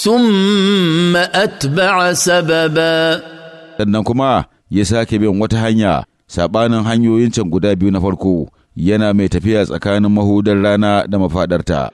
ثم أتبع sababa. sannan kuma ya sake bin wata hanya saɓanin hanyoyin can guda biyu na farko yana mai tafiya tsakanin mahudar rana da mafaɗarta.